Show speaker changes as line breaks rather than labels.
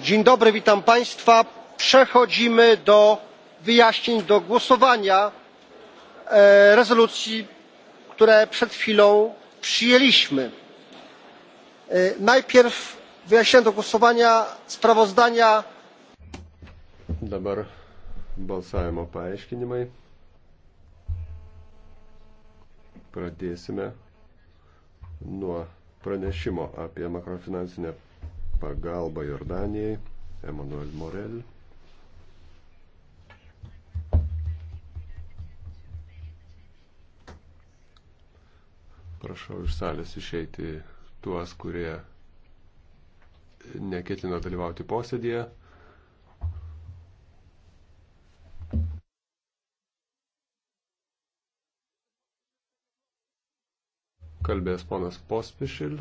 dzień dobry witam państwa. przechodzimy do wyjaśnień do głosowania e, rezolucji które przed chwilą przyjęliśmy. E, najpierw wyjaśnienia do głosowania sprawozdania.
dabar balsavimo paaiškinimai. Pradėsime nuo pranešimo apie makrofinansinę pagalba Jordanijai, Emanuel Morel.
Prašau iš salės išeiti tuos, kurie neketino dalyvauti posėdėje. Kalbės ponas Pospišil.